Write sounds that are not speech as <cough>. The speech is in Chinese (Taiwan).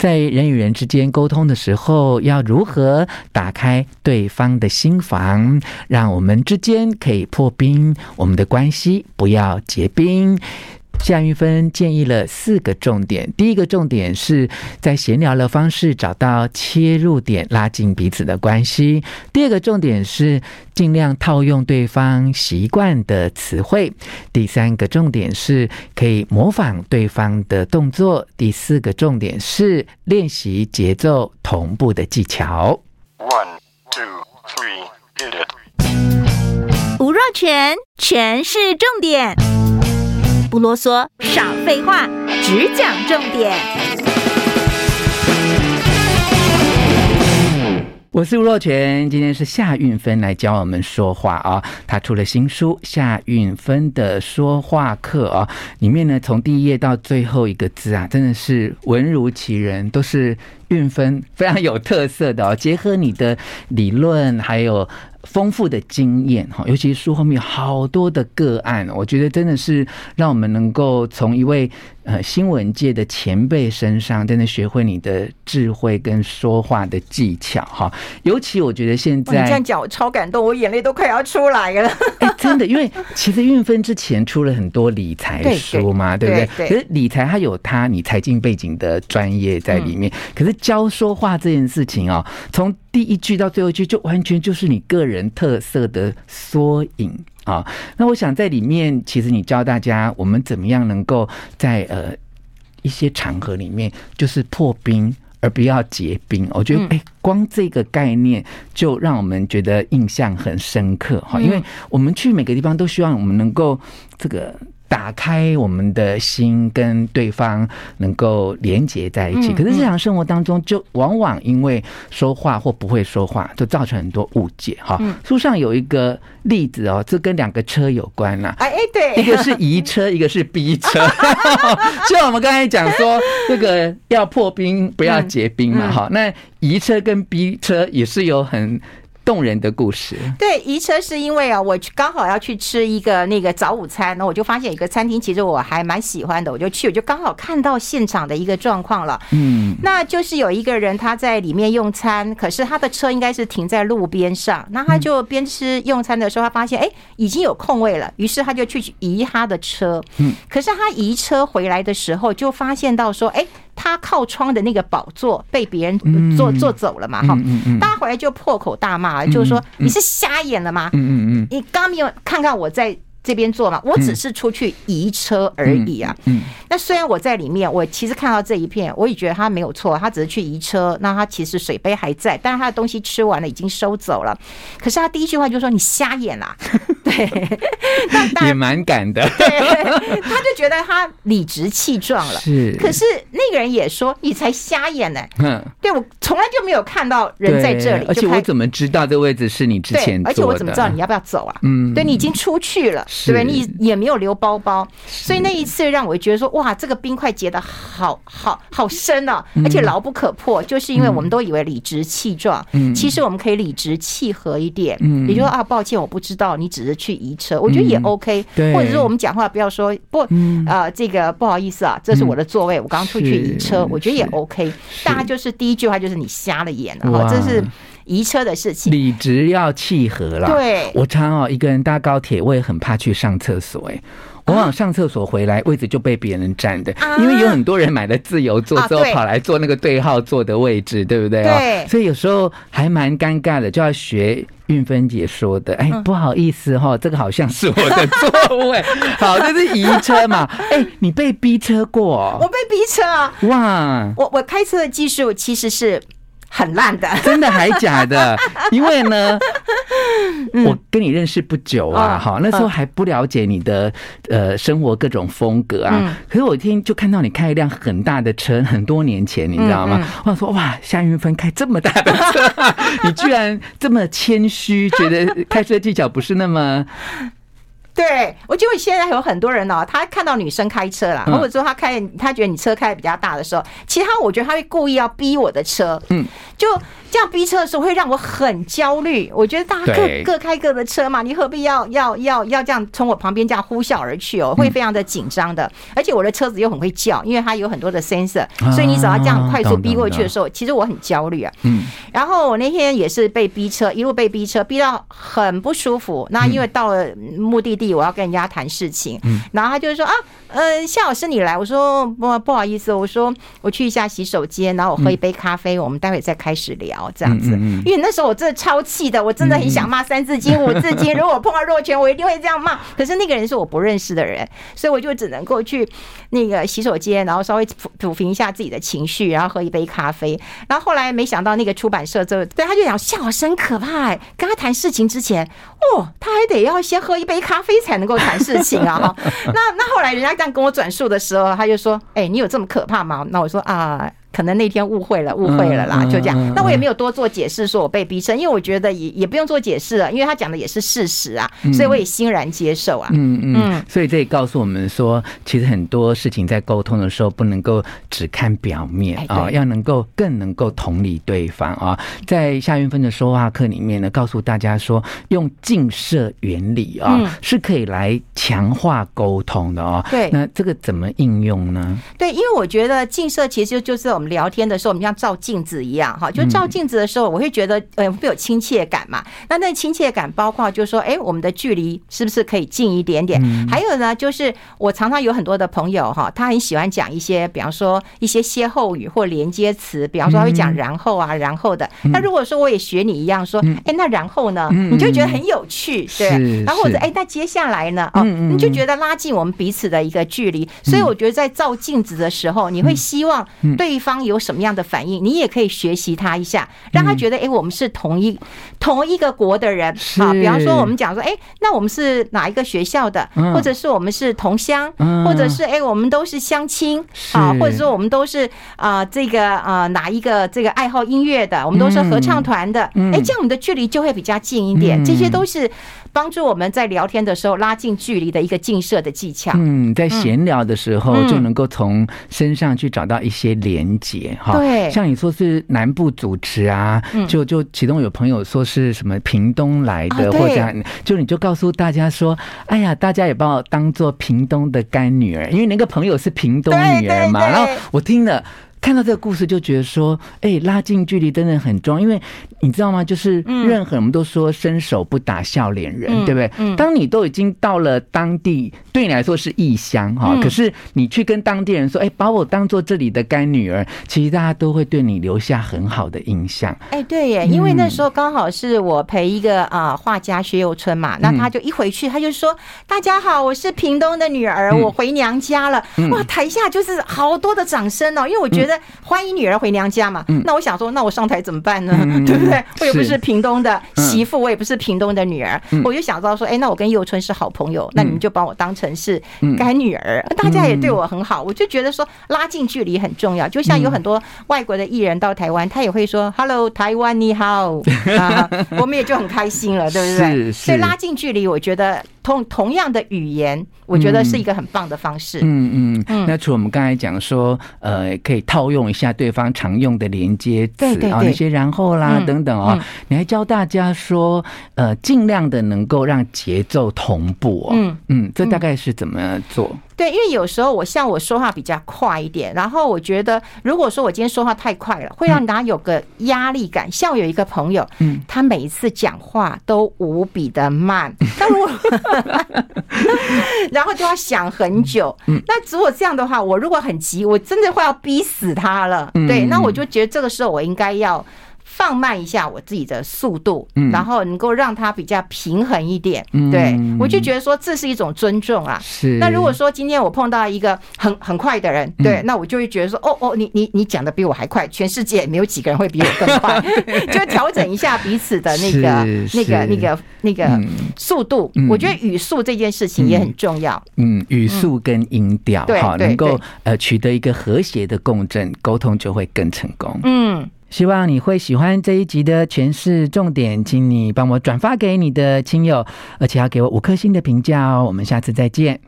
在人與人之間溝通的時候，要如何打開對方的心房，讓我們之間可以破冰，我們的關係不要結冰。夏韻芬建議了四個重點：第一個重點是在閒聊的方式找到切入點，拉近彼此的關係；第二個重點是盡量套用對方習慣的詞彙；第三個重點是可以模仿對方的動作；第四個重點是練習節奏同步的技巧。One two three. Get it! 吳若權，權式重點。不囉嗦，少廢話，只講重點。我是吳若權，今天是夏韻芬來教我們說話啊、哦。他出了新書《夏韻芬的說話課》啊，裡面呢，從第一頁到最後一個字啊，真的是文如其人，都是。韻芬非常有特色的哦，結合你的理論，還有豐富的經驗哈，尤其是書後面有好多的個案，我覺得真的是讓我們能夠從一位呃新聞界的前輩身上，真的學會你的智慧跟說話的技巧哈。尤其我覺得現在你這樣講，我超感動，我眼淚都快要出來了。哎、 <laughs> 欸，真的，因為其實韻芬之前出了很多理財書嘛對對，對不對？對對對，可是理財它有它你財經背景的專業在裡面，嗯、可是。教說話這件事情哦，從第一句到最後一句，就完全就是你個人特色的縮影啊。那我想在裡面，其實你教大家我們怎麼樣能夠在呃一些場合裡面，就是破冰而不要結冰。我覺得，哎、欸，光這個概念就讓我們覺得印象很深刻哈。因為我們去每個地方，都希望我們能夠這個。打開我們的心，跟對方能夠連接在一起。可是日常生活當中，就往往因為說話或不會說話，就造成很多誤解。哈、哦，書上有一個例子哦，這跟兩個車有關了。哎哎，對，一個是移車，一個是逼車。就 <laughs> <laughs> 我們剛才講說，這個要破冰，不要結冰嘛。哈、嗯嗯，那移車跟逼車也是有很。動人的故事。對，移車是因為啊，我剛好要去吃一個那個早午餐，那我就發現一個餐廳，其實我還蠻喜歡的，我就去，我就剛好看到現場的一個狀況了。嗯，那就是有一個人他在裡面用餐，可是他的車應該是停在路邊上，那他就邊吃用餐的時候，他發現哎、嗯欸、已經有空位了，於是他就去移他的車。嗯，可是他移車回來的時候，就發現到說哎。欸他靠窗的那個寶座被別人坐坐走了嘛，哈，大家回來就破口大罵，就是說你是瞎眼了嗎？嗯，你剛沒有看看我在這邊坐嘛？我只是出去移車而已啊。嗯，那雖然我在裡面，我其實看到這一片，我也覺得他沒有錯，他只是去移車。那他其實水杯還在，但是他的東西吃完了，已經收走了。可是他第一句話就是說你瞎眼啦、啊。 <laughs> <laughs> 但但也蠻敢的，對，他就覺得他理直氣壯了。是，可是那個人也說：“你才瞎眼呢。”嗯，對我從來就沒有看到人在這裡。而且我怎麼知道這位置是你之前？對，而且我怎麼知道你要不要走啊？嗯，對你已經出去了，對不對？你也沒有留包包，所以那一次讓我覺得說：“哇，這個冰塊結得好好好深哦、啊，而且牢不可破。”就是因為我們都以為理直氣壯，其實我們可以理直氣和一點。嗯，比如說啊，抱歉，我不知道你只是。去移車，我覺得也 OK、嗯、對或者說我們講話不要說不啊、嗯呃，這個不好意思啊，這是我的座位，嗯、我剛出去移車，我覺得也 OK。大家就是第一句話就是你瞎了眼了，這是移車的事情，理直要氣和了。對，我常哦一個人搭高鐵，我也很怕去上廁所哎、欸。往往上廁所回來，位置就被別人佔的，因為有很多人買了自由座，啊、之後，跑來坐那個對號座的位置，啊對，對不對？對，所以有時候還蠻尷尬的，就要學韻芬姐說的，哎，不好意思哈，哦嗯，這個好像是我的座位， <laughs> 好，這是移車嘛？ <laughs> 哎，你被逼車過，哦？我被逼車啊！哇，我我開車的技術其實是。很爛的， <laughs> 真的還假的？因為呢，我跟你認識不久啊，哈、嗯，那時候還不了解你的呃生活各種風格啊、嗯。可是我一天就看到你開一輛很大的車，很多年前，你知道嗎？嗯嗯、我想說哇，夏韻芬開這麼大的車、啊，你居然這麼謙虛，覺得開車技巧不是那麼。對，我覺得現在有很多人哦、喔，他看到女生開車啦，或者說他開，他覺得你車開得比較大的時候，其實他我覺得他會故意要逼我的車，嗯，就。這樣逼車的時候會讓我很焦慮。我覺得大家各各開各的車嘛，你何必要要要要這樣從我旁邊這樣呼嘯而去哦？會非常的緊張的、嗯。而且我的車子又很會叫，因為它有很多的 sensor，所以你只要這樣快速逼過去的時候，啊、其實我很焦慮啊。嗯。然後我那天也是被逼車，一路被逼車，逼到很不舒服。那因為到了目的地，我要跟人家談事情，嗯、然後他就說啊，呃、嗯，夏老師你來，我說不不好意思，我說我去一下洗手間，然後我喝一杯咖啡，我們待會再開始聊。哦，這樣子，因為那時候我真的超氣的，我真的很想罵《三字經》《五字經》。如果我碰到若權，我一定會這樣罵。可是那個人是我不認識的人，所以我就只能夠去那個洗手間，然後稍微撫平一下自己的情緒，然後喝一杯咖啡。然後後來沒想到那個出版社，就對他就想笑，我可怕、欸！跟他談事情之前，哦，他還得要先喝一杯咖啡才能夠談事情啊！那那後來人家這樣跟我轉述的時候，他就說：“哎，你有這麼可怕嗎？”那我說：“啊。”可能那天誤會了，誤會了啦，嗯嗯、就這樣、嗯。那我也沒有多做解釋，說我被逼車、嗯，因為我覺得也也不用做解釋了，因為他講的也是事實啊、嗯，所以我也欣然接受啊。嗯嗯，嗯，所以這也告訴我們說，其實很多事情在溝通的時候，不能夠只看表面啊、哦，要能夠更能夠同理對方啊、哦。在夏韻芬的說話課裡面呢，告訴大家說，用鏡射原理啊、哦嗯，是可以來強化溝通的哦、嗯。對，那這個怎麼應用呢？對，因為我覺得鏡射其實就是。我們聊天的時候，我們像照鏡子一樣，哈、嗯，就照鏡子的時候，我會覺得，呃、嗯，會有親切感嘛。那那親切感包括，就是說，哎、欸，我們的距離是不是可以近一點點、嗯？還有呢，就是我常常有很多的朋友哈、哦，他很喜歡講一些，比方說一些歇後語或連接詞，比方說他會講“然後啊、嗯，然後的”嗯。那如果說我也學你一樣，說，哎、欸，那然後呢？你就覺得很有趣，嗯、對？然後或者，哎、欸，那接下來呢？哦、嗯，你就覺得拉近我們彼此的一個距離、嗯。所以我覺得在照鏡子的時候，你會希望對方、嗯。嗯有什麼樣的反應，你也可以學習他一下，讓他覺得哎、欸，我們是同一同一個國的人啊。比方說，我們講說，哎、欸，那我們是哪一個學校的，嗯、或者是我們是同鄉、嗯，或者是哎、欸，我們都是鄉親啊，或者說我們都是啊、呃，這個啊、呃，哪一個這個愛好音樂的，我們都是合唱團的。哎、嗯欸，這樣我們的距離就會比較近一點。嗯、這些都是幫助我們在聊天的時候拉近距離的一個近攝的技巧。嗯，在閒聊的時候就能夠從身上去找到一些連。嗯嗯姐，哈，像你說是南部主持啊，就就其中有朋友說是什麼屏東來的，啊，或者就你就告訴大家說，哎呀，大家也把我當做屏東的乾女兒，因為那個朋友是屏東女兒嘛，對對對，然後我聽了。看到這個故事就覺得說，哎、欸，拉近距離真的很重要，因為你知道嗎？就是任何我們都說伸手不打笑臉人、嗯，對不對嗯？嗯。當你都已經到了當地，對你來說是異鄉哈、哦嗯，可是你去跟當地人說，哎、欸，把我當做這裡的乾女兒，其實大家都會對你留下很好的印象。哎，對耶，嗯、因為那時候剛好是我陪一個啊、呃、畫家薛友春嘛，那他就一回去他就說、嗯：“大家好，我是屏東的女兒，我回娘家了。嗯”哇，台下就是好多的掌聲哦，因為我覺得、嗯。歡迎女兒回娘家嘛？那我想說，那我上台怎麼辦呢？嗯、對不對？我也不是屏東的媳婦，嗯、我也不是屏東的女兒，嗯，我就想到說，哎，那我跟幼春是好朋友，那你們就把我當成是乾女兒，嗯，大家也對我很好，我就覺得說拉近距離很重要。就像有很多外國的藝人到台灣，他也會說，嗯、“Hello，台灣你好 ”，uh, <laughs> 我們也就很開心了，對不對？所以拉近距離，我覺得。同同樣的語言，我覺得是一個很棒的方式嗯。嗯嗯，那除我們剛才講說，呃，可以套用一下對方常用的連接詞啊，一、哦、些，然後啦、嗯、等等啊、哦嗯，你還教大家說，呃，儘量的能夠讓節奏同步哦。嗯嗯，這大概是怎麼做？嗯嗯對，因為有時候我像我說話比較快一點，然後我覺得如果說我今天說話太快了，會讓大家有個壓力感。像我有一個朋友，他每一次講話都無比的慢、嗯，但如果 <laughs> <laughs> 然後就要想很久、嗯。那如果這樣的話，我如果很急，我真的快要逼死他了、嗯。對，那我就覺得這個時候我應該要。放慢一下我自己的速度，嗯，然後能夠讓他比較平衡一點，嗯，對，我就覺得說這是一種尊重啊，是。那如果說今天我碰到一個很很快的人，對、嗯，那我就會覺得說，哦哦，你你你講的比我還快，全世界沒有幾個人會比我更快， <laughs> 就調整一下彼此的那個那個那個那個速度、嗯。我覺得語速這件事情也很重要，嗯，語速跟音調，嗯、對，對，對，能夠呃取得一個和諧的共振，溝通就會更成功，嗯。希望你會喜歡這一集的權式重點，請你幫我轉發給你的親友，而且要給我五顆星的評價哦。我們下次再見。